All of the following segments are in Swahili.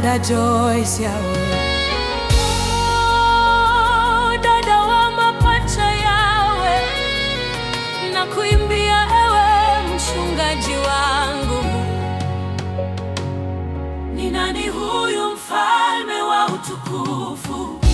dada Joyce yawe oh, dada wa mapacha yawe na kuimbia ewe mchungaji wangu, ni nani huyu mfalme wa utukufu?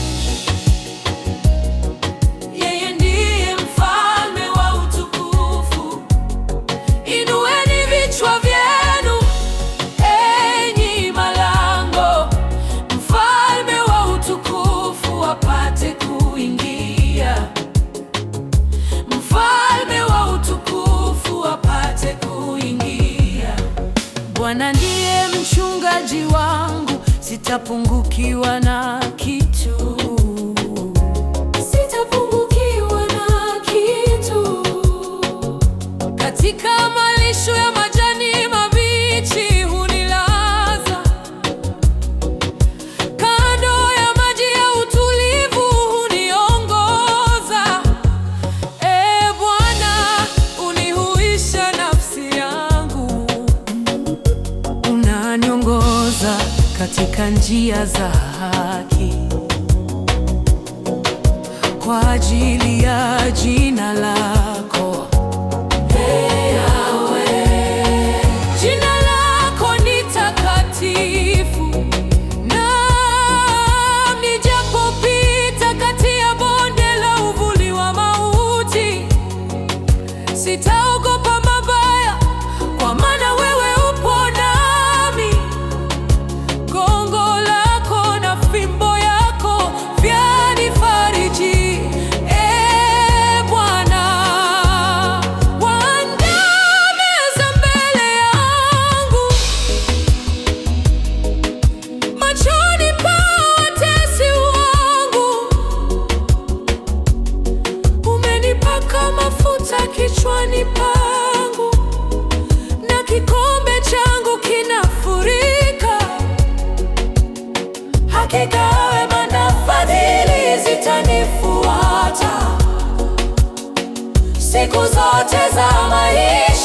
Bwana ndiye mchungaji wangu, sitapungukiwa na katika njia za haki kwa ajili ya jina la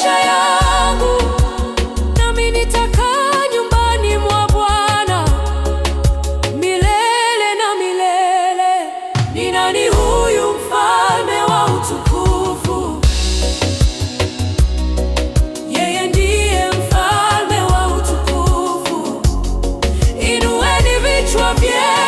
maisha yangu, nami nitakaa nyumbani mwa Bwana milele na milele. Ni nani huyu mfalme wa utukufu? Yeye ndiye mfalme wa utukufu. Inueni vichwa vyenu